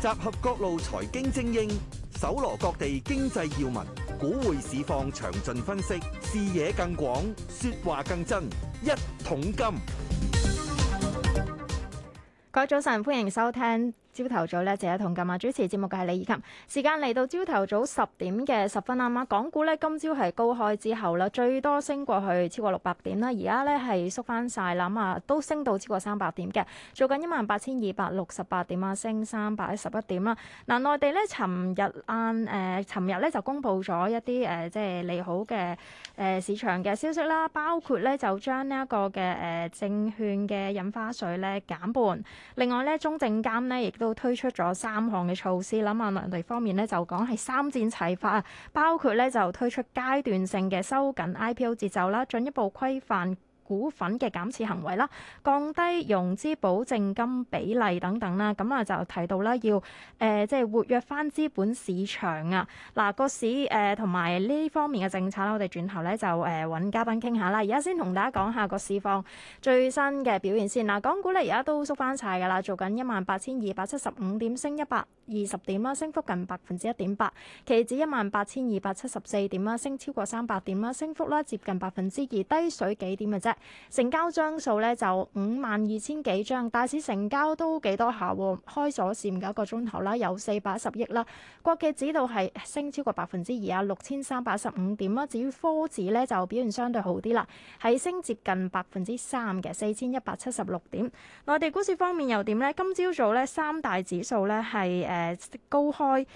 集合各路財經精英，搜羅各地經濟要聞，股匯市況詳盡分析，視野更廣，說話更真，一桶金。各位早晨，歡迎收聽。朝頭早咧，謝啊同噉呀主持節目嘅係李以琴。時間嚟到朝頭早十點嘅十分啊，嘛，港股咧今朝係高開之後啦，最多升過去超過六百點啦，而家咧係縮翻曬，諗啊都升到超過三百點嘅，做緊一萬八千二百六十八點啊，升三百一十一點啦。嗱、啊，內地咧，尋日晏誒，尋、呃、日咧就公布咗一啲誒，即係利好嘅誒、呃、市場嘅消息啦，包括咧就將、這個呃、呢一個嘅誒證券嘅印花稅咧減半，另外咧中證監咧亦都。都推出咗三項嘅措施，諗下內地方面咧就講係三箭齊發，啊，包括咧就推出階段性嘅收緊 IPO 節奏啦，進一步規範。股份嘅減持行為啦，降低融資保證金比例等等啦，咁啊就提到啦，要誒即係活躍翻資本市場啊嗱，個市誒同埋呢方面嘅政策啦，我哋轉頭咧就誒揾、呃、嘉賓傾下啦。而家先同大家講下個市況最新嘅表現先嗱、啊、港股咧而家都縮翻晒噶啦，做緊一萬八千二百七十五點，升一百二十點啦，升幅近百分之一點八。期指一萬八千二百七十四點啦，升超過三百點啦，升幅啦接近百分之二，低水幾點嘅啫。成交張數咧就五萬二千幾張，大市成交都幾多下喎、啊？開咗線嘅一個鐘頭啦，有四百一十億啦。國企指數係升超過百分之二啊，六千三百十五點啦。至於科指咧就表現相對好啲啦，係升接近百分之三嘅，四千一百七十六點。內地股市方面又點咧？今朝早咧三大指數咧係誒。誒，高開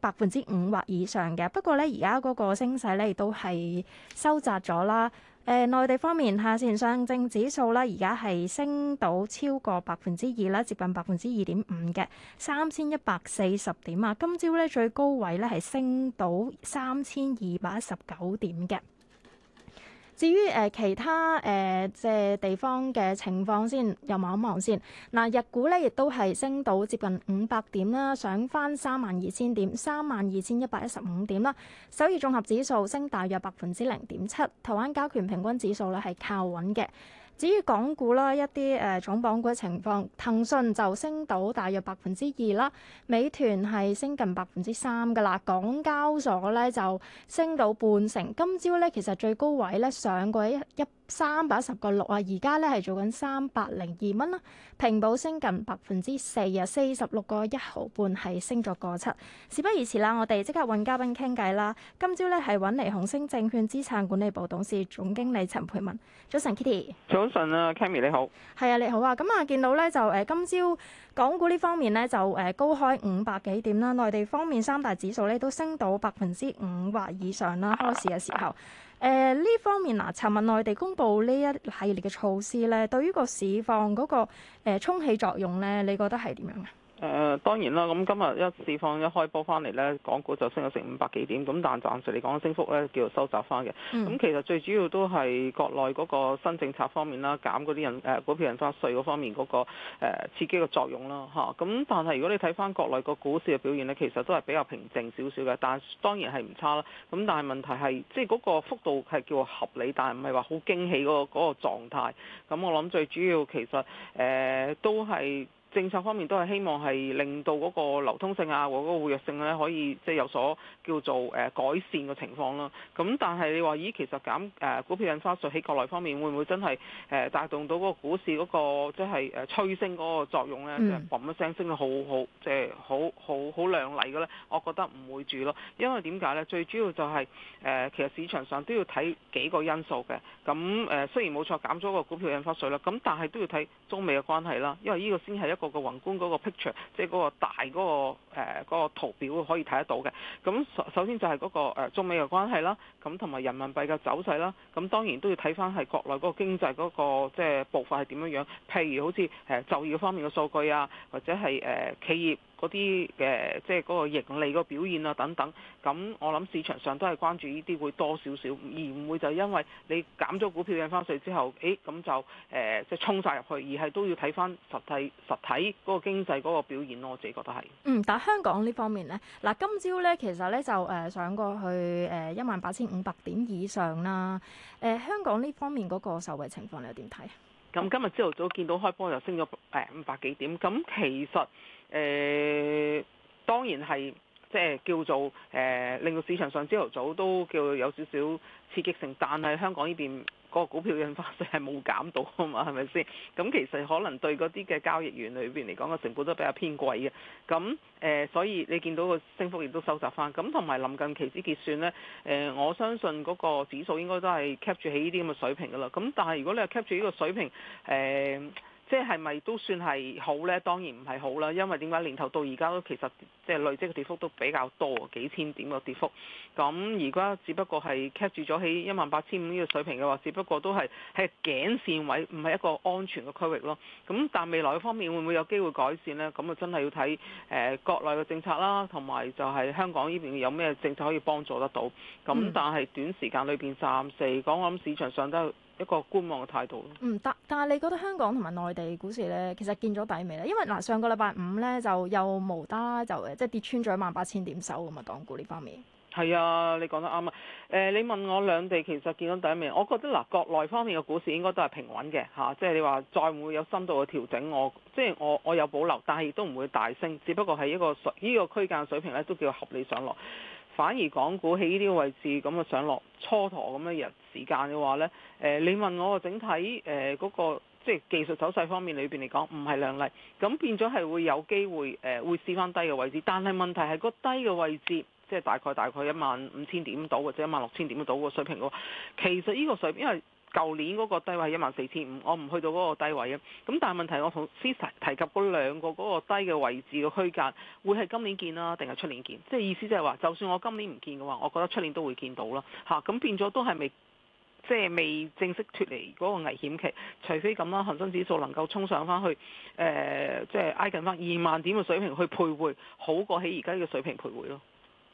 百分之五或以上嘅，不過咧而家嗰個升勢咧亦都係收窄咗啦。誒、呃，內地方面，下線上證指數咧而家係升到超過百分之二啦，接近百分之二點五嘅三千一百四十點啊！今朝咧最高位咧係升到三千二百一十九點嘅。至於誒、呃、其他誒嘅、呃、地方嘅情況先，又望一望先。嗱，日股咧亦都係升到接近五百點啦，上返三萬二千點，三萬二千一百一十五點啦。首爾綜合指數升大約百分之零點七，台灣加權平均指數咧係靠穩嘅。至於港股啦，一啲誒重磅股嘅情況，騰訊就升到大約百分之二啦，美團係升近百分之三㗎啦，港交所咧就升到半成。今朝咧其實最高位咧上過一一。三百十個六啊！而家咧係做緊三百零二蚊啦，平保升近百分之四啊，四十六個一毫半係升咗個七。事不宜遲啦，我哋即刻揾嘉賓傾偈啦。今朝咧係揾嚟紅星證券資產管理部董事總經理陳蓓敏。早晨，Kitty。早晨啊，Cammy，你好。係啊，你好啊。咁啊，見到咧就誒，今朝。港股呢方面咧就誒、呃、高開五百幾點啦，內地方面三大指數咧都升到百分之五或以上啦。開市嘅時候誒呢、呃、方面嗱，尋日內地公布呢一系列嘅措施咧，對於個市況嗰、那個誒衝起作用咧，你覺得係點樣啊？誒、呃、當然啦，咁今日一釋放一開波翻嚟呢，港股就升咗成五百幾點，咁但暫時嚟講升幅呢叫收窄翻嘅。咁、嗯、其實最主要都係國內嗰個新政策方面啦，減嗰啲印誒、呃、股票印花稅嗰方面嗰、嗰個、呃、刺激嘅作用啦。嚇、啊。咁但係如果你睇翻國內個股市嘅表現呢，其實都係比較平靜少少嘅，但當然係唔差啦。咁但係問題係即係嗰個幅度係叫做合理，但唔係話好驚喜嗰、嗰個嗰、嗰個狀態。咁我諗最主要其實誒、呃、都係。政策方面都係希望係令到嗰個流通性啊，或者嗰個活躍性咧可以即係有所叫做誒改善嘅情況啦。咁但係你話咦，其實減誒股票印花稅喺國內方面會唔會真係誒帶動到嗰個股市嗰、那個即係誒催升嗰個作用咧？即係嘣一聲升得好好，即係好好好靚麗嘅咧？我覺得唔會住咯，因為點解咧？最主要就係、是、誒其實市場上都要睇幾個因素嘅。咁誒雖然冇錯減咗個股票印花稅啦，咁但係都要睇中美嘅關係啦，因為呢個先係一。個個宏觀嗰個 picture，即係嗰個大嗰個誒嗰個圖表可以睇得到嘅。咁首首先就係嗰個中美嘅關係啦，咁同埋人民幣嘅走勢啦。咁當然都要睇翻係國內嗰個經濟嗰個即係步伐係點樣樣。譬如好似誒就業方面嘅數據啊，或者係誒企業，嗰啲嘅即係嗰個盈利個表現啊等等，咁我諗市場上都係關注呢啲會多少少，而唔會就因為你減咗股票印花稅之後，誒、欸、咁就誒、呃、即係衝晒入去，而係都要睇翻實際實體嗰個經濟嗰個表現咯。我自己覺得係。嗯，但係香港呢方面呢，嗱、啊、今朝呢其實呢就誒、呃、上過去誒一萬八千五百點以上啦。誒、呃、香港呢方面嗰個受惠情況你又點睇？咁、嗯、今日朝頭早見到開波又升咗誒、呃、五百幾點，咁、嗯、其實。誒、呃、當然係，即係叫做誒、呃、令到市場上朝頭早上都叫做有少少刺激性，但係香港呢邊個股票印花稅係冇減到啊嘛，係咪先？咁、 嗯、其實可能對嗰啲嘅交易員裏邊嚟講個成本都比較偏貴嘅。咁、嗯、誒、呃，所以你見到個升幅亦都收窄翻。咁同埋臨近期指結算呢，誒、呃、我相信嗰個指數應該都係 cap 住喺呢啲咁嘅水平噶啦。咁、嗯、但係如果你係 cap 住呢個水平，誒、呃。即係咪都算係好呢？當然唔係好啦，因為點解年頭到而家都其實即係累積嘅跌幅都比較多，幾千點嘅跌幅。咁而家只不過係 c 住咗起一萬八千五呢個水平嘅話，只不過都係喺頸線位，唔係一個安全嘅區域咯。咁但未來方面會唔會有機會改善呢？咁啊真係要睇誒國內嘅政策啦，同埋就係香港呢邊有咩政策可以幫助得到。咁但係短時間裏邊暫時，講我諗市場上都。一個觀望嘅態度咯。嗯，但但係你覺得香港同埋內地股市呢，其實見咗底未呢？因為嗱、呃、上個禮拜五呢，就又無啦啦就即係跌穿咗一萬八千點手。咁啊，港股呢方面。係啊，你講得啱啊。誒、呃，你問我兩地其實見咗底未？我覺得嗱、呃、國內方面嘅股市應該都係平穩嘅嚇，即係你話再唔會有深度嘅調整，我即係、就是、我我有保留，但係亦都唔會大升，只不過係一個水依、呢個區間水平呢，都叫合理上落。反而港股起呢啲位置，咁啊上落蹉跎咁嘅日時間嘅話呢，誒你問我個整體誒嗰、呃那個即係技術走勢方面裏邊嚟講唔係靚麗，咁變咗係會有機會誒、呃、會試翻低嘅位置，但係問題係個低嘅位置即係大概大概一萬五千點到或者一萬六千點到嘅水平，其實呢個水平因為。舊年嗰個低位係一萬四千五，我唔去到嗰個低位啊。咁但係問題，我同先提及嗰兩個嗰個低嘅位置嘅區間，會係今年見啦，定係出年見？即係意思即係話，就算我今年唔見嘅話，我覺得出年都會見到咯。嚇、啊，咁變咗都係未，即、就、係、是、未正式脫離嗰個危險期，除非咁啦，恒生指數能夠衝上翻去，誒、呃，即、就、係、是、挨近翻二萬點嘅水平去徘徊，好過喺而家嘅水平徘徊咯。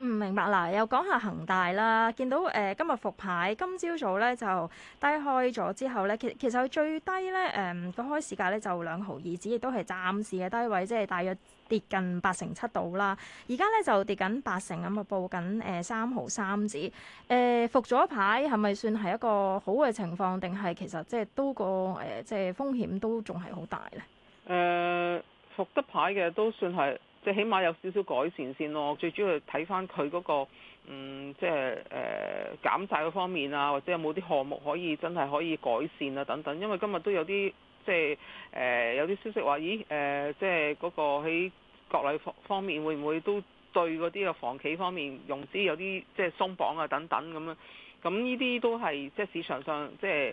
唔明白啦，又講下恒大啦，見到誒、呃、今日復牌，今朝早咧就低開咗之後咧，其其實佢最低咧誒，佢、呃、開市價咧就兩毫二子，亦都係暫時嘅低位，即係大約跌近八成七度啦。而家咧就跌緊八成咁啊、嗯，報緊誒三毫三子。誒、呃、復咗牌係咪算係一個好嘅情況，定係其實即係都個誒即係風險都仲係好大咧？誒、呃、復得牌嘅都算係。最起碼有少少改善先咯，我最主要睇翻佢嗰個嗯，即係誒減債方面啊，或者有冇啲項目可以真係可以改善啊等等。因為今日都有啲即係誒有啲消息話，咦誒，即係嗰個喺國內方方面會唔會都對嗰啲嘅房企方面融資有啲即係鬆綁啊等等咁樣。咁呢啲都係即係市場上即係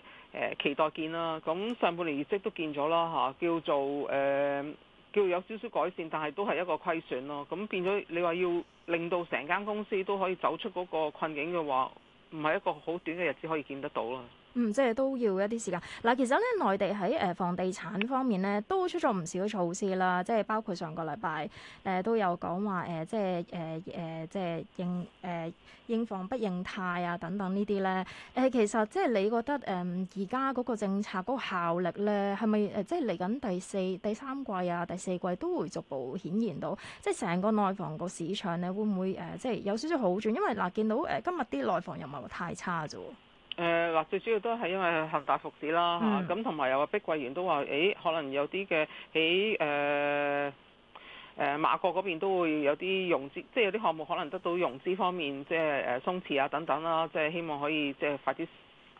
誒期待見啦。咁上半年業績都見咗啦嚇，叫做誒。呃要有少少改善，但係都係一個虧損咯。咁變咗，你話要令到成間公司都可以走出嗰個困境嘅話，唔係一個好短嘅日子可以見得到咯。嗯，即係都要一啲時間。嗱、啊，其實咧，內地喺誒、呃、房地產方面咧，都出咗唔少措施啦。即係包括上個禮拜誒、呃、都有講話誒，即係誒誒，即係認誒認房不認貸啊等等呢啲咧。誒、呃，其實即係你覺得誒而家嗰個政策嗰個效力咧，係咪誒即係嚟緊第四、第三季啊、第四季都會逐步顯現到？即係成個內房個市場咧，會唔會誒、呃、即係有少少好轉？因為嗱、呃，見到誒、呃、今日啲內房又唔係話太差啫。誒嗱、呃，最主要都係因為恒大復市啦嚇，咁同埋又話碧桂園都話，誒、欸、可能有啲嘅喺誒誒馬國嗰邊都會有啲融資，即係有啲項目可能得到融資方面即係誒、呃、鬆弛啊等等啦，即係希望可以即係快啲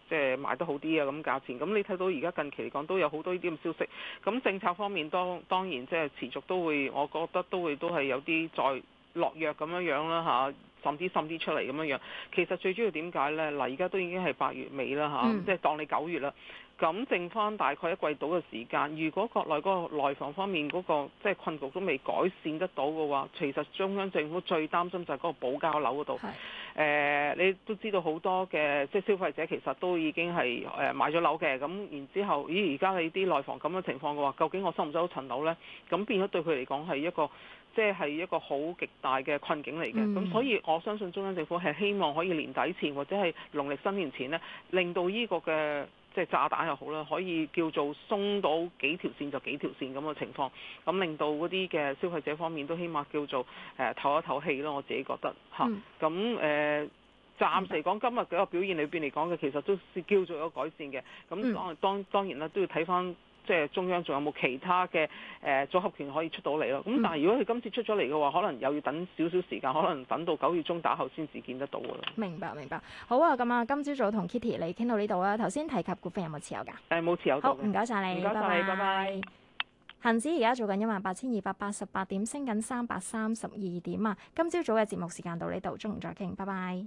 即係賣得好啲啊咁價錢。咁你睇到而家近期嚟講都有好多呢啲咁消息，咁政策方面當當然即係持續都會，我覺得都會都係有啲再落藥咁樣樣啦嚇。啊深啲深啲出嚟咁樣樣。其實最主要點解咧？嗱，而家都已經係八月尾啦吓，即係當你九月啦。咁剩翻大概一季度嘅時間，如果國內嗰個內房方面嗰、那個即係、就是、困局都未改善得到嘅話，其實中央政府最擔心就係嗰個保交樓嗰度。係是、呃、你都知道好多嘅即係消費者其實都已經係誒買咗樓嘅。咁然之後，咦？而家你啲內房咁嘅情況嘅話，究竟我收唔收到層樓呢？咁變咗對佢嚟講係一個即係、就是、一個好極大嘅困境嚟嘅。咁、嗯、所以我相信中央政府係希望可以年底前或者係農曆新年前呢，令到呢個嘅。即係炸彈又好啦，可以叫做鬆到幾條線就幾條線咁嘅情況，咁令到嗰啲嘅消費者方面都起碼叫做誒透、呃、一透氣咯，我自己覺得嚇。咁誒、嗯，暫、啊呃、時講今日嘅一個表現裏邊嚟講嘅，其實都叫做有改善嘅。咁當當然啦、嗯，都要睇返。即係中央仲有冇其他嘅誒、呃、組合拳可以出到嚟咯？咁但係如果佢今次出咗嚟嘅話，可能又要等少少時間，可能等到九月中打後先至見得到咯。明白，明白。好啊，咁啊，今朝早同 Kitty 你傾到呢度啊。頭先提及股份有冇持有㗎？誒冇、呃、持有到。好，唔該晒你，唔該晒，拜拜 bye。恒指而家做緊一萬八千二百八十八點，升緊三百三十二點啊！今朝早嘅節目時間到呢度，中午再傾，拜拜。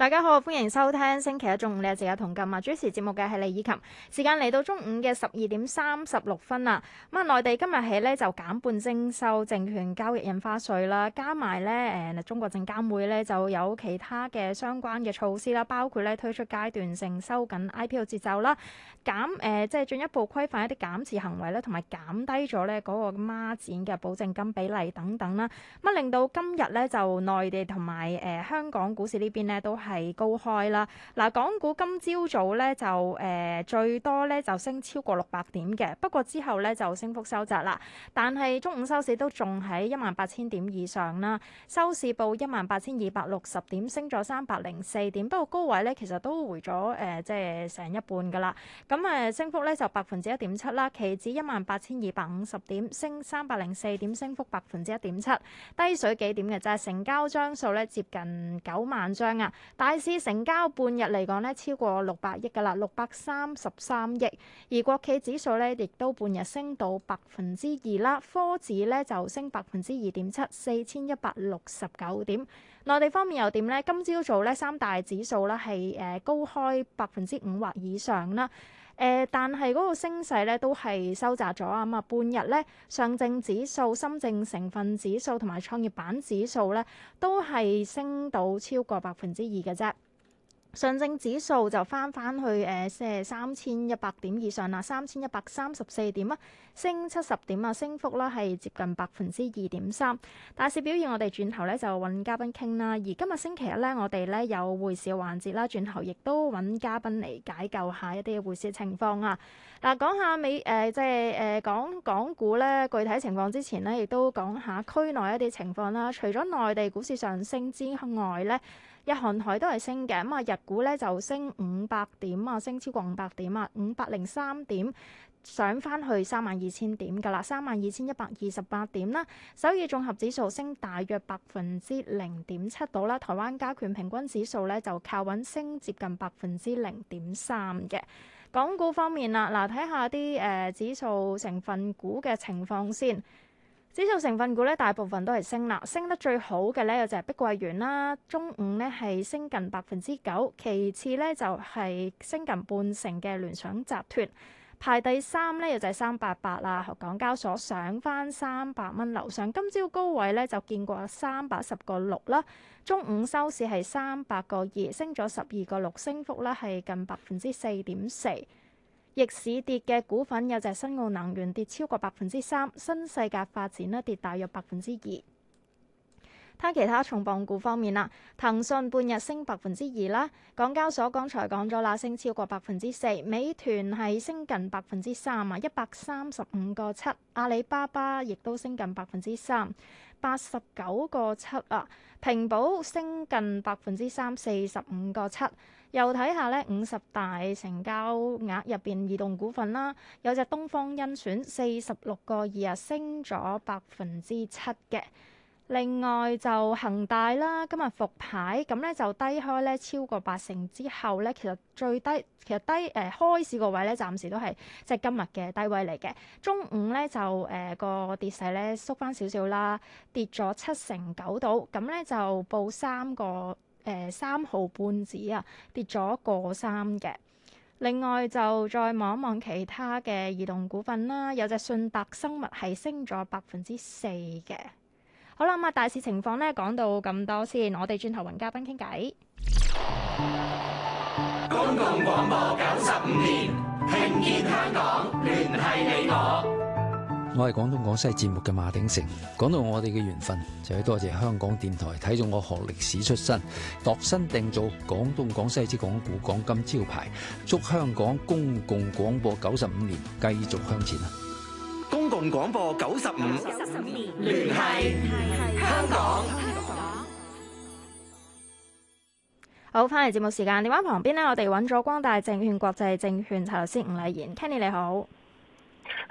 大家好，歡迎收聽星期一中午呢嘅《自由同金》啊！主持節目嘅係李以琴，時間嚟到中午嘅十二點三十六分啦。咁啊，內地今日起咧就減半徵收證券交易印花稅啦，加埋咧誒，中國證監會咧就有其他嘅相關嘅措施啦，包括咧推出階段性收緊 IPO 節奏啦，減誒、呃，即係進一步規範一啲減持行為咧，同埋減低咗咧嗰個孖展嘅保證金比例等等啦。咁啊，令到今日咧就內地同埋誒香港股市呢邊咧都係。係高開啦，嗱、啊，港股今朝早咧就誒、呃、最多咧就升超過六百點嘅，不過之後咧就升幅收窄啦，但係中午收市都仲喺一萬八千點以上啦，收市報一萬八千二百六十點，升咗三百零四點，不過高位咧其實都回咗誒、呃、即係成一半噶啦，咁、啊、誒升幅咧就百分之一點七啦，期指一萬八千二百五十點，升三百零四點，升幅百分之一點七，低水幾點嘅就係成交張數咧接近九萬張啊。大市成交半日嚟講咧，超過六百億噶啦，六百三十三億。而國企指數咧，亦都半日升到百分之二啦。科指咧就升百分之二點七，四千一百六十九點。內地方面又點咧？今朝早咧三大指數咧係誒高開百分之五或以上啦。誒，但係嗰個升勢咧都係收窄咗啊！咁、嗯、啊，半日咧，上證指數、深證成分指數同埋創業板指數咧，都係升到超過百分之二嘅啫。上證指數就返返去誒，即係三千一百點以上啦，三千一百三十四點啊，升七十點啊，升幅咧係接近百分之二點三。大市表現，我哋轉頭咧就揾嘉賓傾啦。而今日星期一咧，我哋咧有匯市嘅環節啦，轉頭亦都揾嘉賓嚟解救一下一啲匯市情況啊。嗱，講下美，誒，即係誒，講港股咧，具體情況之前咧，亦都講下區內一啲情況啦。除咗內地股市上升之外咧。日韓台都係升嘅，咁啊日股咧就升五百點啊，升超過五百點啊，五百零三點上返去三萬二千點㗎啦，三萬二千一百二十八點啦。首爾綜合指數升大約百分之零點七度啦，台灣加權平均指數咧就靠穩升接近百分之零點三嘅。港股方面啦，嗱睇下啲誒、呃、指數成分股嘅情況先。指數成分股咧，大部分都係升啦。升得最好嘅咧，就係碧桂園啦。中午咧係升近百分之九，其次咧就係升近半成嘅聯想集團。排第三咧，又就係三八八啦，港交所上翻三百蚊樓上。今朝高位咧就見過三百十個六啦。中午收市係三百個二，升咗十二個六，升幅咧係近百分之四點四。逆市跌嘅股份有隻新奧能源跌超過百分之三，新世界發展咧跌大約百分之二。睇其他重磅股方面啦，騰訊半日升百分之二啦，港交所剛才講咗啦，升超過百分之四，美團係升近百分之三啊，一百三十五個七，阿里巴巴亦都升近百分之三，八十九個七啊，平保升近百分之三，四十五個七。又睇下咧，五十大成交額入面，移動股份啦，有隻東方甄選四十六個二啊，升咗百分之七嘅。另外就恒大啦，今日復牌，咁咧就低開咧超過八成之後咧，其實最低其實低誒、呃、開市個位咧，暫時都係即係今日嘅低位嚟嘅。中午咧就誒、呃、個跌勢咧縮翻少少啦，跌咗七成九度，咁咧就報三個。誒、呃，三毫半紙啊，跌咗個三嘅。另外就再望一望其他嘅移動股份啦，啊，有隻信達生物係升咗百分之四嘅。好啦，咁，嗯，啊，大市情況呢講到咁多先，我哋轉頭揾嘉賓傾偈。公共廣播九十五年，聽見香港，聯繫你我。我係廣東廣西節目嘅馬鼎盛。講到我哋嘅緣分，就要多謝香港電台睇中我學歷史出身，度身訂造廣東廣西之港股、港金招牌。祝香港公共廣播九十五年繼續向前啊！公共廣播九十五年聯繫香港香港。好，翻嚟節目時間，電話旁邊呢，我哋揾咗光大證券國際證券策略師伍禮賢，Kenny 你好。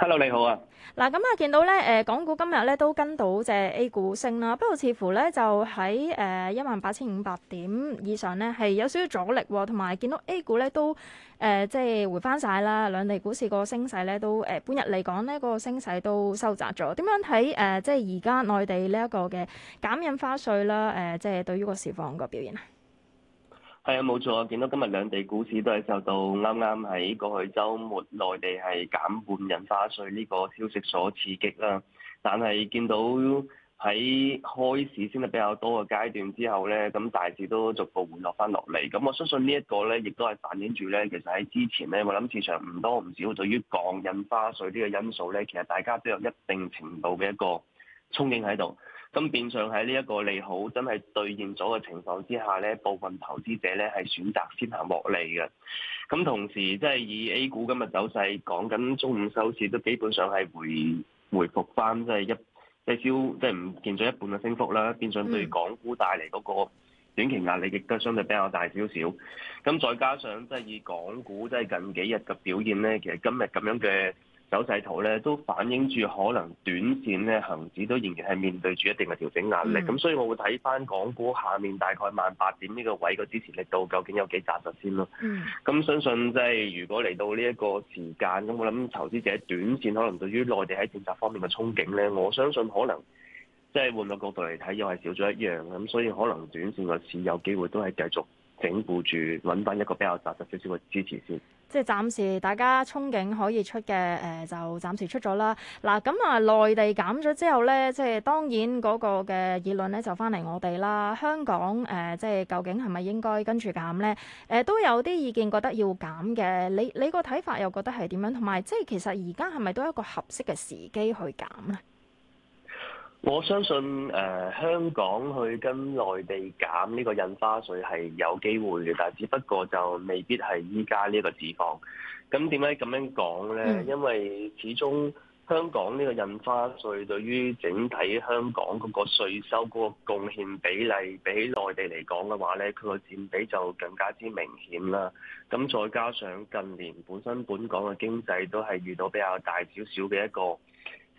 Hello，你好啊！嗱，咁啊，見到咧，誒，港股今日咧都跟到即係 A 股升啦，不過似乎咧就喺誒一萬八千五百點以上咧係有少少阻力，同埋見到 A 股咧都誒即係回翻晒啦，兩地股市升勢個升勢咧都誒半日嚟講咧個升勢都收窄咗。點樣睇誒即係而家內地呢一個嘅減印花稅啦？誒，即係對於個市況個表現啊？係啊，冇錯啊！見到今日兩地股市都係受到啱啱喺過去週末內地係減半印花稅呢個消息所刺激啦。但係見到喺開市先係比較多嘅階段之後呢，咁大市都逐步回落翻落嚟。咁我相信呢一個呢，亦都係反映住呢，其實喺之前呢，我諗市場唔多唔少對於降印花稅呢個因素呢，其實大家都有一定程度嘅一個憧憬喺度。咁變相喺呢一個利好真係兌現咗嘅情況之下咧，部分投資者咧係選擇先行獲利嘅。咁同時，即係以 A 股今日走勢，講緊中午收市都基本上係回回復翻，即係一即消，即係唔見咗一半嘅升幅啦。變相對港股帶嚟嗰個短期壓力亦都相對比較大少少。咁再加上即係以港股即係近幾日嘅表現咧，其實今日咁樣嘅，走勢圖咧都反映住可能短線咧行指都仍然係面對住一定嘅調整壓力，咁、mm. 所以我會睇翻港股下面大概萬八點呢個位個支持力度究竟有幾紮實先咯。咁、mm. 相信即係如果嚟到呢一個時間，咁我諗投資者短線可能對於內地喺政策方面嘅憧憬咧，我相信可能即係換個角度嚟睇又係少咗一樣，咁所以可能短線個市有機會都係繼續。整固住，揾翻一個比較紮實少少嘅支持先。即係暫時大家憧憬可以出嘅，誒、呃、就暫時出咗啦。嗱、啊、咁啊，內地減咗之後咧，即係當然嗰個嘅議論咧就翻嚟我哋啦。香港誒、呃，即係究竟係咪應該跟住減咧？誒、呃、都有啲意見覺得要減嘅。你你個睇法又覺得係點樣？同埋即係其實而家係咪都一個合適嘅時機去減咧？我相信誒、呃、香港去跟內地減呢個印花稅係有機會嘅，但係只不過就未必係依家呢個市況。咁點解咁樣講呢？因為始終香港呢個印花稅對於整體香港嗰個稅收嗰個貢獻比例，比起內地嚟講嘅話呢，佢個佔比就更加之明顯啦。咁再加上近年本身本港嘅經濟都係遇到比較大少少嘅一個。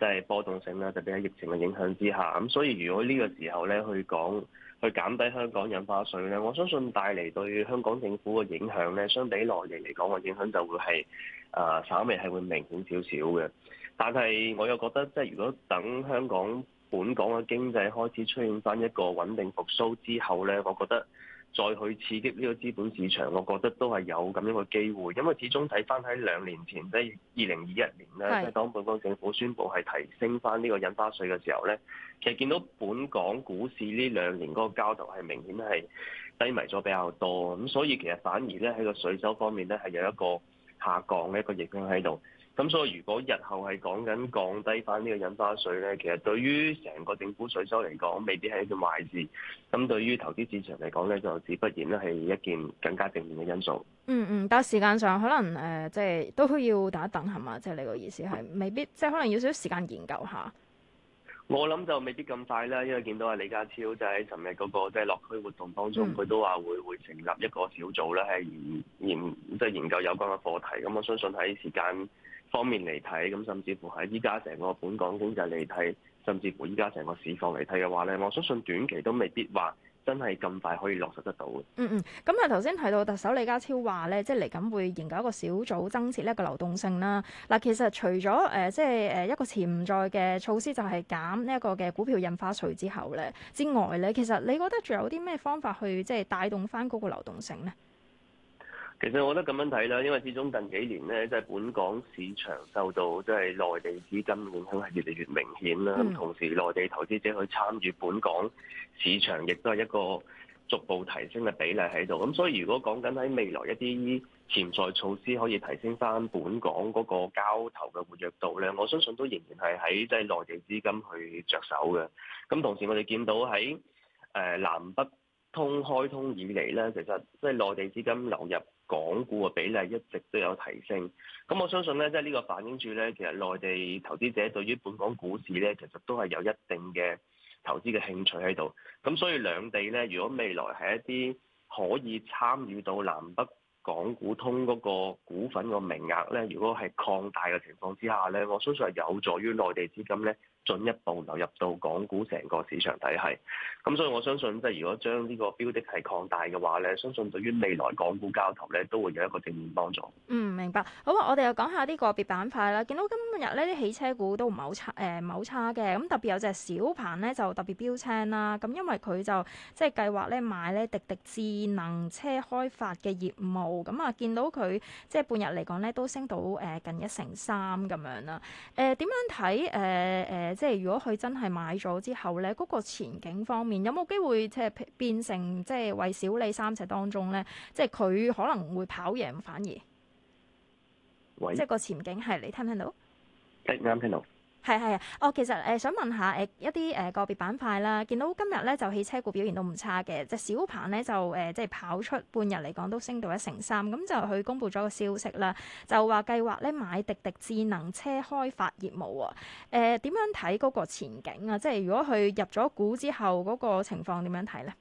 即係波動性啦，特別喺疫情嘅影響之下，咁所以如果呢個時候咧，去講去減低香港印花稅咧，我相信帶嚟對香港政府嘅影響咧，相比內地嚟講嘅影響就會係誒稍微係會明顯少少嘅。但係我又覺得，即係如果等香港本港嘅經濟開始出現翻一個穩定復甦之後咧，我覺得。再去刺激呢個資本市場，我覺得都係有咁樣嘅機會，因為始終睇翻喺兩年前，即係二零二一年咧，即係的當本港政府宣布係提升翻呢個印花稅嘅時候咧，其實見到本港股市呢兩年嗰個交投係明顯係低迷咗比較多，咁所以其實反而咧喺個稅收方面咧係有一個下降嘅一個影響喺度。咁所以如果日後係講緊降低翻呢個印花稅咧，其實對於成個政府稅收嚟講，未必係一件壞事。咁對於投資市場嚟講咧，就自不然啦，係一件更加正面嘅因素。嗯嗯，但係時間上可能誒、呃，即係都需要等一等係嘛？即係你個意思係未必，即係可能要少少時間研究下。我諗就未必咁快啦，因為見到阿李家超、那個、就係喺尋日嗰個即係落區活動當中，佢、嗯、都話會會成立一個小組咧，係研研即係研究有關嘅課題。咁我相信喺時間方面嚟睇，咁甚至乎喺依家成個本港經濟嚟睇，甚至乎依家成個市況嚟睇嘅話咧，我相信短期都未必話真係咁快可以落實得到嘅、嗯。嗯嗯，咁啊頭先提到特首李家超話咧，即係嚟緊會研究一個小組增設一個流動性啦。嗱，其實除咗誒即係誒一個潛在嘅措施就係減呢一個嘅股票印花稅之後咧之外咧，其實你覺得仲有啲咩方法去即係帶動翻嗰個流動性咧？其實我覺得咁樣睇啦，因為始終近幾年咧，即係本港市場受到即係內地資金影響係越嚟越明顯啦。嗯、同時，內地投資者去參與本港市場，亦都係一個逐步提升嘅比例喺度。咁所以，如果講緊喺未來一啲潛在措施可以提升翻本港嗰個交投嘅活躍度咧，我相信都仍然係喺即係內地資金去着手嘅。咁同時，我哋見到喺誒南北通開通以嚟咧，其實即係內地資金流入港股嘅比例一直都有提升，咁我相信咧，即係呢個反映住咧，其實內地投資者對於本港股市咧，其實都係有一定嘅投資嘅興趣喺度。咁所以兩地咧，如果未來係一啲可以參與到南北港股通嗰個股份個名額咧，如果係擴大嘅情況之下咧，我相信係有助於內地資金咧，進一步流入到港股成個市場體系，咁所以我相信，即係如果將呢個標的係擴大嘅話咧，相信對於未來港股交投咧都會有一個正面幫助。嗯，明白。好啊，我哋又講下啲個別板塊啦。見到今日呢啲汽車股都唔係好差，誒、呃，唔係好差嘅。咁特別有隻小鵬咧就特別標青啦。咁因為佢就即係、就是、計劃咧買咧滴滴智能車開發嘅業務。咁、嗯、啊，見到佢即係半日嚟講咧都升到誒、呃、近一成三咁樣啦。誒、呃、點樣睇？誒、呃、誒。呃即係如果佢真係買咗之後咧，嗰、那個前景方面有冇機會即係變成即係為小李三尺當中咧，即係佢可能會跑贏反而？喂？即係個前景係你聽唔聽到？啱、哎、聽到。係係啊，我、哦、其實誒、呃、想問下誒、呃、一啲誒、呃、個別板塊啦，見到今日咧就汽車股表現都唔差嘅、呃，即係小鵬咧就誒即係跑出半日嚟講都升到 1, 3, 一成三，咁就佢公佈咗個消息啦，就話計劃咧買滴滴智能車開發業務喎、哦，誒、呃、點樣睇嗰個前景啊？即係如果佢入咗股之後嗰、那個情況點樣睇咧？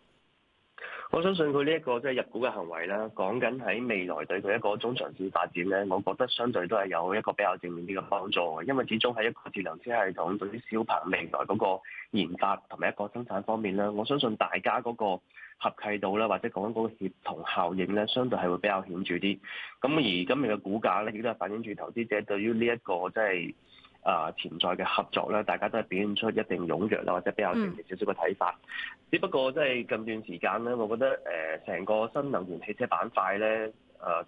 我相信佢呢一個即係入股嘅行為咧，講緊喺未來對佢一個中長線發展咧，我覺得相對都係有一個比較正面啲嘅幫助嘅，因為始終喺一個智能車系統對於小鵬未來嗰個研發同埋一個生產方面咧，我相信大家嗰個合契度啦，或者講緊嗰個協同效應咧，相對係會比較顯著啲。咁而今日嘅股價咧，亦都係反映住投資者對於呢、這、一個即係。就是啊，潛在嘅合作咧，大家都係表現出一定踴躍啦，或者比較正面少少嘅睇法。嗯、只不過即係近段時間咧，我覺得誒，成個新能源汽車板塊咧，誒，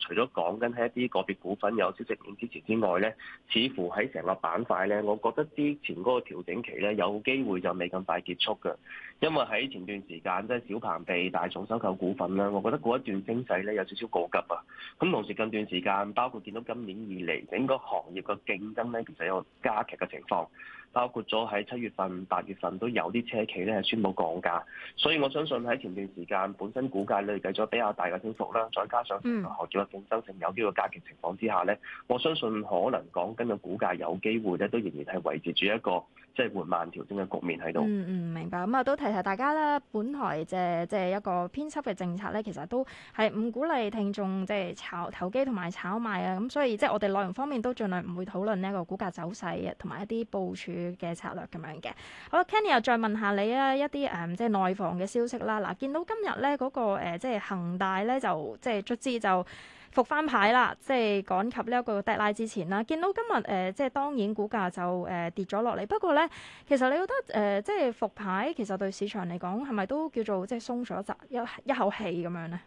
除咗講緊喺一啲個別股份有消息面支持之外咧，似乎喺成個板塊咧，我覺得之前嗰個調整期咧，有機會就未咁快結束嘅。因為喺前段時間即係小鵬被大眾收購股份啦，我覺得嗰一段升勢咧，有少少過急啊。咁同時近段時間，包括見到今年以嚟，整個行業嘅競爭咧，其實有加劇嘅情況，包括咗喺七月份、八月份都有啲車企咧係宣布降價，所以我相信喺前段時間本身股價累計咗比較大嘅升幅啦，再加上行業嘅競爭性有啲嘅加劇情況之下咧，我相信可能講緊嘅股價有機會咧都仍然係維持住一個。即係緩慢調整嘅局面喺度。嗯嗯，明白。咁、嗯、啊，都提提大家啦。本台即係即係一個編輯嘅政策咧，其實都係唔鼓勵聽眾即係炒投機同埋炒賣啊。咁所以即係我哋內容方面都盡量唔會討論呢一個股價走勢同埋一啲部署嘅策略咁樣嘅。好啦，Kenny 又再問下你啊，一啲誒即係內房嘅消息啦。嗱，見到今日咧嗰個即係恒大咧就即係卒之就，就是復翻牌啦，即係趕及呢一個 deadline 之前啦。見到今日誒、呃，即係當然股價就誒、呃、跌咗落嚟。不過咧，其實你覺得誒、呃，即係復牌其實對市場嚟講係咪都叫做即係鬆咗一一一口氣咁樣咧？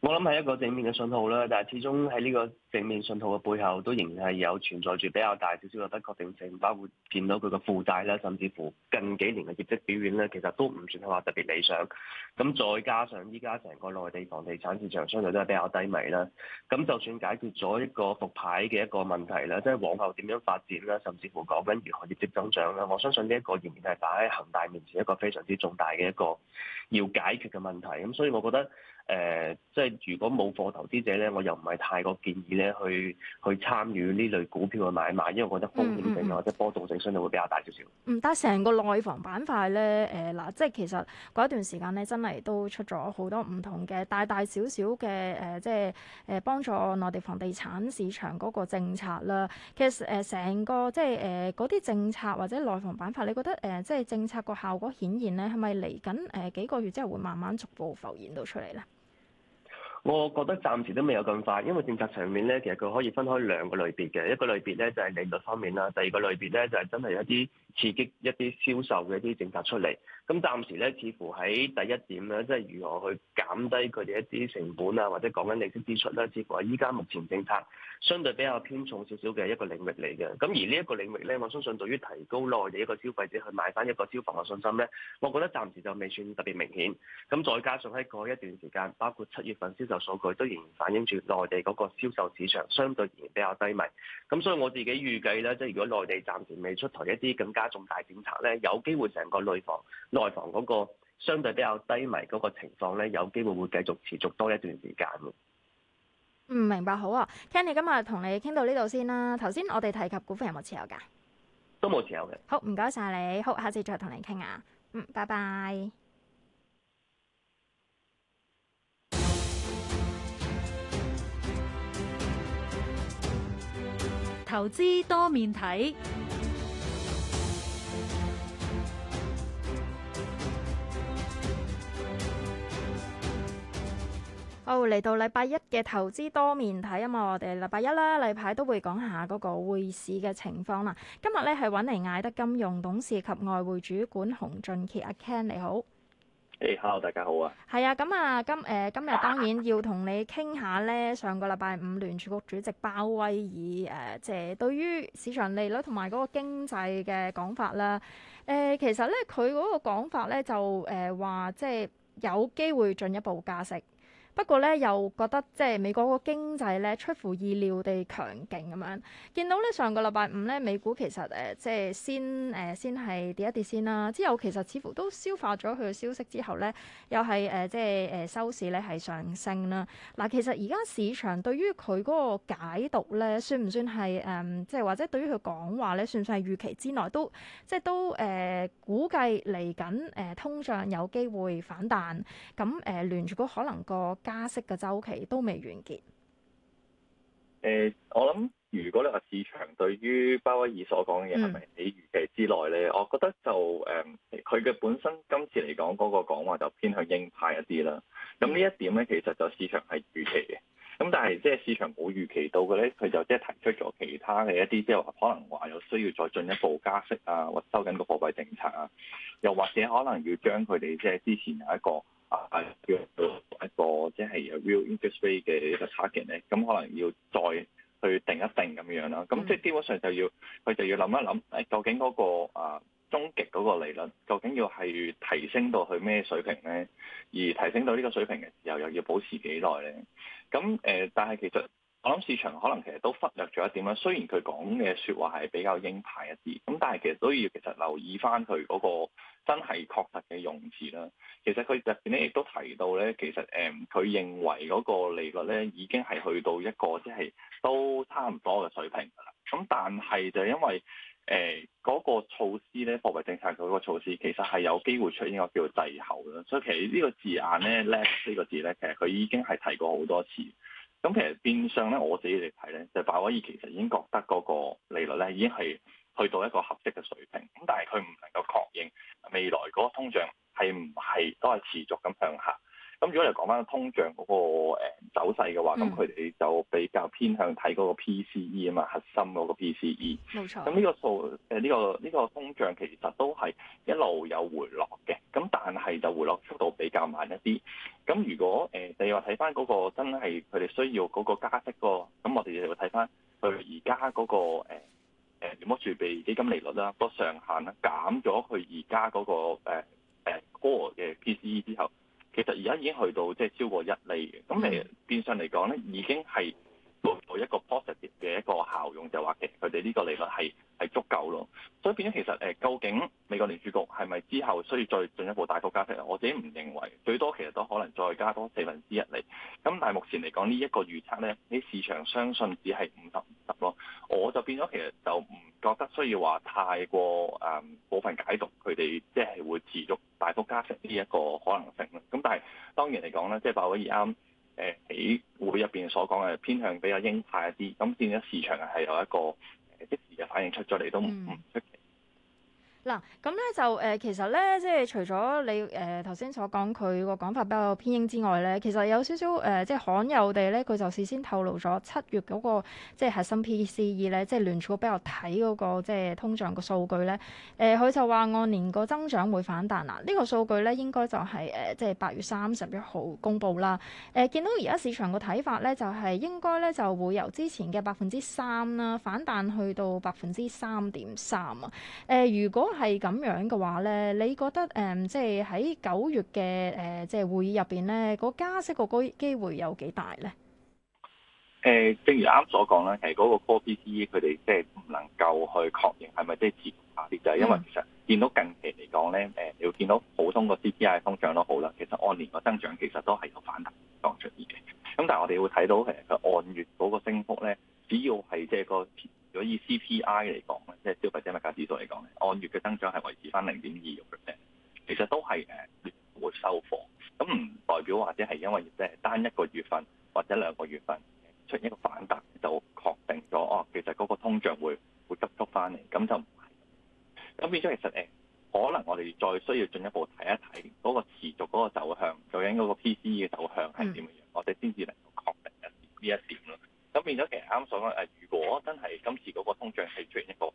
我諗係一個正面嘅信號啦，但係始終喺呢個正面信號嘅背後，都仍然係有存在住比較大少少嘅不確定性，包括見到佢嘅負債啦，甚至乎近幾年嘅業績表現咧，其實都唔算係話特別理想。咁再加上依家成個內地房地產市場相對都係比較低迷啦，咁就算解決咗一個復牌嘅一個問題啦，即係往後點樣發展啦，甚至乎講緊如何業績增長啦，我相信呢一個仍然係擺喺恒大面前一個非常之重大嘅一個要解決嘅問題。咁所以我覺得。誒、呃，即係如果冇貨投資者咧，我又唔係太過建議咧去去參與呢類股票嘅買賣，因為我覺得風險性或者波動性相對會比較大少少、嗯嗯。但係，成個內房板塊咧，誒、呃、嗱，即係其實嗰一段時間咧，真係都出咗好多唔同嘅大大小小嘅誒、呃，即係誒幫助內地房地產市場嗰個政策啦。其實誒成個即係誒嗰啲政策或者內房板塊，你覺得誒、呃、即係政策個效果顯現咧，係咪嚟緊誒幾個月之後會慢慢逐步浮現到出嚟咧？我覺得暫時都未有咁快，因為政策層面咧，其實佢可以分開兩個類別嘅，一個類別咧就係利率方面啦，第二個類別咧就係真係一啲刺激一啲銷售嘅一啲政策出嚟，咁暫時咧，似乎喺第一點咧，即係如何去減低佢哋一啲成本啊，或者講緊利息支出咧，似乎係依家目前政策相對比較偏重少少嘅一個領域嚟嘅。咁而呢一個領域咧，我相信對於提高內地一個消費者去買翻一個消防嘅信心咧，我覺得暫時就未算特別明顯。咁再加上喺過一段時間，包括七月份銷售數據都仍然反映住內地嗰個銷售市場相對仍然比較低迷。咁所以我自己預計咧，即係如果內地暫時未出台一啲更加重大政策咧，有機會成個內房內房嗰個相對比較低迷嗰個情況咧，有機會會繼續持續多一段時間。唔、嗯、明白，好啊。Ken，你今日同你傾到呢度先啦。頭先我哋提及股份有冇持有噶？都冇持有嘅。好，唔該晒，你。好，下次再同你傾啊。嗯，拜拜。投資多面睇。哦，嚟、oh, 到禮拜一嘅投資多面睇啊嘛！我哋禮拜一啦，例牌都會講下嗰個匯市嘅情況啦。今日咧係揾嚟艾德金融董事及外匯主管熊俊傑阿 Ken，你好。h、hey, ello 大家好啊。係啊，咁啊，今誒、呃、今日當然要同你傾下咧。上個禮拜五，聯儲局主席鮑威爾誒，即、呃、係對於市場利率同埋嗰個經濟嘅講法啦。誒、呃，其實咧佢嗰個講法咧就誒話、呃，即係有機會進一步加息。不過咧，又覺得即係美國個經濟咧出乎意料地強勁咁樣。見到咧上個禮拜五咧，美股其實誒即係先誒、呃、先係跌一跌先啦。之後其實似乎都消化咗佢嘅消息之後咧，又係誒、呃、即係誒收市咧係上升啦。嗱、呃，其實而家市場對於佢嗰個解讀咧，算唔算係誒即係或者對於佢講話咧，算唔算係預期之內都即係都誒、呃、估計嚟緊誒通脹有機會反彈。咁誒聯儲局可能個加息嘅周期都未完結。誒、呃，我諗如果你話市場對於鮑威爾所講嘅嘢係咪喺預期之內咧，我覺得就誒佢嘅本身今次嚟講嗰個講話就偏向鷹派一啲啦。咁呢一點咧，其實就市場係預期嘅。咁但係即係市場冇預期到嘅咧，佢就即係提出咗其他嘅一啲，即係話可能話有需要再進一步加息啊，或收緊個貨幣政策啊，又或者可能要將佢哋即係之前有一個。啊，要一個即係 real interest rate 嘅一個 target 咧，咁可能要再去定一定咁樣啦。咁即係基本上就要佢就要諗一諗，誒究竟嗰、那個啊終極嗰個利率，究竟要係提升到去咩水平咧？而提升到呢個水平嘅時候，又要保持幾耐咧？咁誒、呃，但係其實。我諗市場可能其實都忽略咗一點啦，雖然佢講嘅説話係比較鷹派一啲，咁但係其實都要其實留意翻佢嗰個真係確實嘅用詞啦。其實佢入邊咧亦都提到咧，其實誒佢認為嗰個利率咧已經係去到一個即係都差唔多嘅水平啦。咁但係就因為誒嗰個措施咧，貨幣政策嗰個措施其實係有機會出現一個叫做滯後啦。所以其實呢個字眼咧 l 呢、呢個字咧，其實佢已經係提過好多次。咁其實變相咧，我自己嚟睇咧，就係鮑威爾其實已經覺得嗰個利率咧已經係去到一個合適嘅水平，咁但係佢唔能夠確認未來嗰個通脹係唔係都係持續咁向下。咁如果嚟講翻通脹嗰個走勢嘅話，咁佢哋就比較偏向睇嗰個 PCE 啊嘛，核心嗰個 PCE。冇錯。咁呢個數誒呢、呢個呢、呢個通脹其實都係一路有回落嘅，咁但係就回落速度比較慢一啲。咁如果誒、呃、你話睇翻嗰個真係佢哋需要嗰個加息、喔那個，咁我哋就會睇翻佢而家嗰個誒誒什麼儲備基金利率啦，多、嗰個、上限啦、啊，減咗佢而家嗰個誒誒、呃、core 嘅 PCE 之後。其實而家已經去到即係超過一厘，嘅、mm，咁、hmm. 嚟變相嚟講咧，已經係攞到一個 positive 嘅一個效用，就話其實佢哋呢個利率係。係足夠咯，所以變咗其實誒，究竟美國聯儲局係咪之後需要再進一步大幅加息啊？我自己唔認為，最多其實都可能再加多四分之一釐。咁但係目前嚟講，呢、這、一個預測呢，你市場相信只係五十五十咯。我就變咗其實就唔覺得需要話太過誒過、嗯、分解讀佢哋即係會持續大幅加息呢一個可能性咯。咁但係當然嚟講呢，即、就、係、是、鮑威爾啱誒喺會入邊所講嘅偏向比較鷹派一啲，咁變咗市場係有一個。即時就反應出咗嚟，都唔出奇。 嗱，咁咧就誒、呃，其實咧即係除咗你誒頭先所講佢個講法比較偏鷹之外咧，其實有少少誒、呃、即係罕有地咧，佢就事先透露咗七月嗰、那個即係核心 PCE 咧，即係聯儲比較睇嗰、那個即係通脹個數據咧，誒、呃、佢就話按年個增長會反彈啊！呢、這個數據咧應該就係、是、誒、呃、即係八月三十一號公布啦。誒、呃、見到而家市場個睇法咧，就係、是、應該咧就會由之前嘅百分之三啦，反彈去到百分之三點三啊。誒、呃、如果都如係咁樣嘅話咧，你覺得誒，即係喺九月嘅誒，即係會議入邊咧，個加息個個機會有幾大咧？誒、呃，正如啱所講啦，係嗰個科 PCE 佢哋即係唔能夠去確認係咪即係持續下跌，就係、嗯、因為其實見到近期嚟講咧，誒，你會見到普通個 CPI 通脹都好啦，其實按年個增長其實都係有反彈當出現嘅。咁但係我哋會睇到其實佢按月嗰個升幅咧，只要係即係個。所以 CPI 嚟講咧，即係消費者物價指數嚟講咧，按月嘅增長係維持翻零點二六嘅。其實都係誒緩步收貨。咁唔代表或者係因為誒單一個月份或者兩個月份出現一個反彈就確定咗哦，其實嗰個通脹會會急速翻嚟，咁就唔係。咁變咗其實誒、欸，可能我哋再需要進一步睇一睇嗰個持續嗰個走向，究竟嗰個 PCE 嘅走向係點樣，嗯、我哋先至能夠確定呢一，一點咯。咁變咗，其實啱所講誒。如果真係今次嗰個通脹係出現一個誒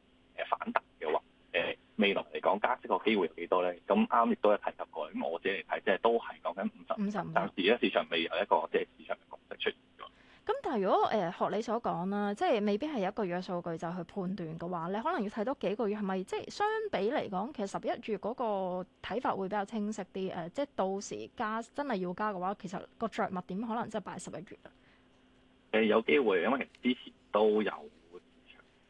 反彈嘅話，誒未來嚟講加息個機會有幾多咧？咁啱亦都有提及過。咁我自己嚟睇，即係都係講緊五十五十五，但係而家市場未有一個即係市場嘅共識出現咗。咁、嗯、但係如果誒學、呃、你所講啦，即係未必係一個月嘅數據就去判斷嘅話咧，你可能要睇多幾個月係咪即係相比嚟講，其實十一月嗰個睇法會比較清晰啲誒。即係到時加真係要加嘅話，其實個着墨點可能真係擺喺十一月。誒有機會，因為之前都有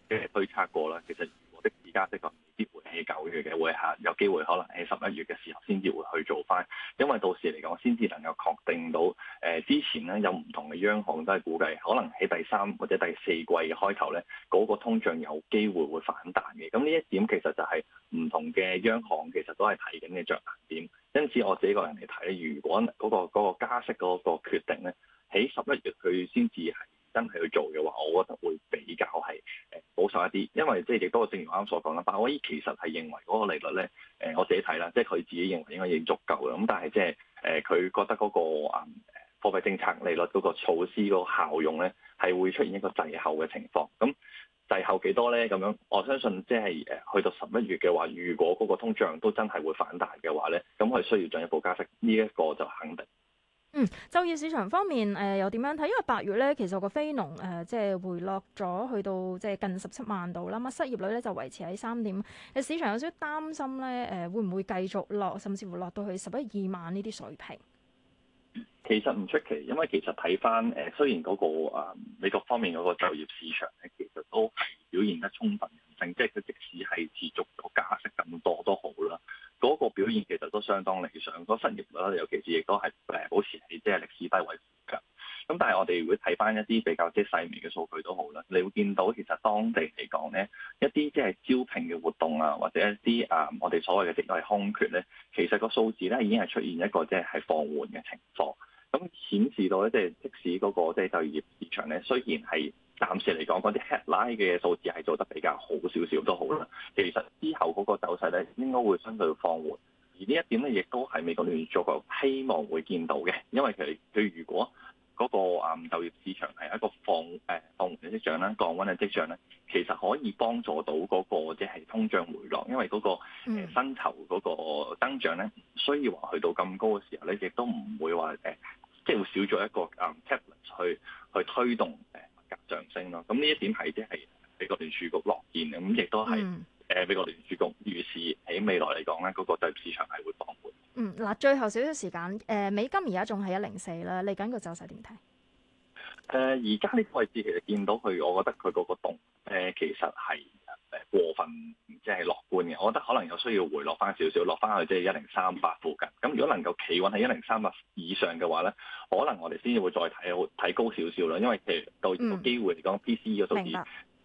即係推測過啦。其實的而家的個必會喺九月嘅，會下有機會可能喺十一月嘅時候先至會去做翻，因為到時嚟講先至能夠確定到誒、呃、之前咧有唔同嘅央行都係估計，可能喺第三或者第四季嘅開頭咧嗰個通脹有機會會反彈嘅。咁呢一點其實就係唔同嘅央行其實都係睇緊嘅著眼點。因此我自己個人嚟睇，如果嗰、嗰個那個加息嗰、嗰個決定咧。喺十一月佢先至係真係去做嘅話，我覺得會比較係誒保守一啲，因為即係亦都正如啱所講啦。但我其實係認為嗰個利率咧，誒我自己睇啦，即係佢自己認為應該已經足夠啦。咁但係即係誒佢覺得嗰個誒貨幣政策利率嗰、嗰個措施嗰個效用咧，係會出現一個滯後嘅情況。咁滯後幾多咧？咁樣我相信即係誒去到十一月嘅話，如果嗰個通脹都真係會反彈嘅話咧，咁佢需要進一步加息，呢、呢、一個就肯定。嗯，就業市場方面，誒、呃、又點樣睇？因為八月咧，其實個非農誒即係回落咗去到即係近十七萬度啦。咁啊，失業率咧就維持喺三點。誒，市場有少少擔心咧，誒、呃、會唔會繼續落，甚至乎落到去十一二萬呢啲水平？其實唔出奇，因為其實睇翻誒，雖然嗰、那個啊、呃、美國方面嗰個就業市場咧，其實都係表現得充分韌性，即係佢即使係持續個加息咁多都好啦。嗰個表現其實都相當理想，嗰、那個、失業率，尤其是亦都係誒保持喺即係歷史低位附近。咁但係我哋會睇返一啲比較即係細微嘅數據都好啦，你會見到其實當地嚟講咧，一啲即係招聘嘅活動啊，或者一啲誒、嗯、我哋所謂嘅職位空缺咧，其實個數字咧已經係出現一個即係係放緩嘅情況。咁顯示到咧，即係即使嗰個即係就業市場咧，雖然係暫時嚟講嗰啲 headline 嘅數字係做得比較好少少都好啦。嗯、其實之後嗰個走勢咧，應該會相對放緩。而呢一點咧，亦都係美國聯儲局希望會見到嘅，因為其實佢如果嗰個啊就業市場係一個放誒、呃、放緩嘅跡象啦、降溫嘅跡象咧，其實可以幫助到嗰、嗰個即係通脹回落，因為嗰、嗰個薪酬嗰個增長咧，雖然話去到咁高嘅時候咧，亦都唔會話誒。呃即係會少咗一個誒去去推動誒、呃、物價上升咯，咁呢一點係即係美國聯儲局樂見嘅，咁亦都係誒、嗯呃、美國聯儲局預示喺未來嚟講咧，嗰、那個就業市場係會放緩。嗯，嗱，最後少少時間，誒、呃，美金而家仲係一零四啦，嚟緊個走勢點睇？誒、呃，而家呢個位置其實見到佢，我覺得佢嗰個洞誒、呃，其實係。誒，過分即係樂觀嘅，我覺得可能有需要回落翻少少，落翻去即係一零三八附近。咁如果能夠企穩喺一零三八以上嘅話咧，可能我哋先至會再睇睇高少少啦。因為其實到個機會嚟講，P C E 個數字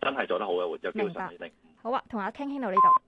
真係做得好嘅，有機會實體定。好啊，同阿傾傾到呢度。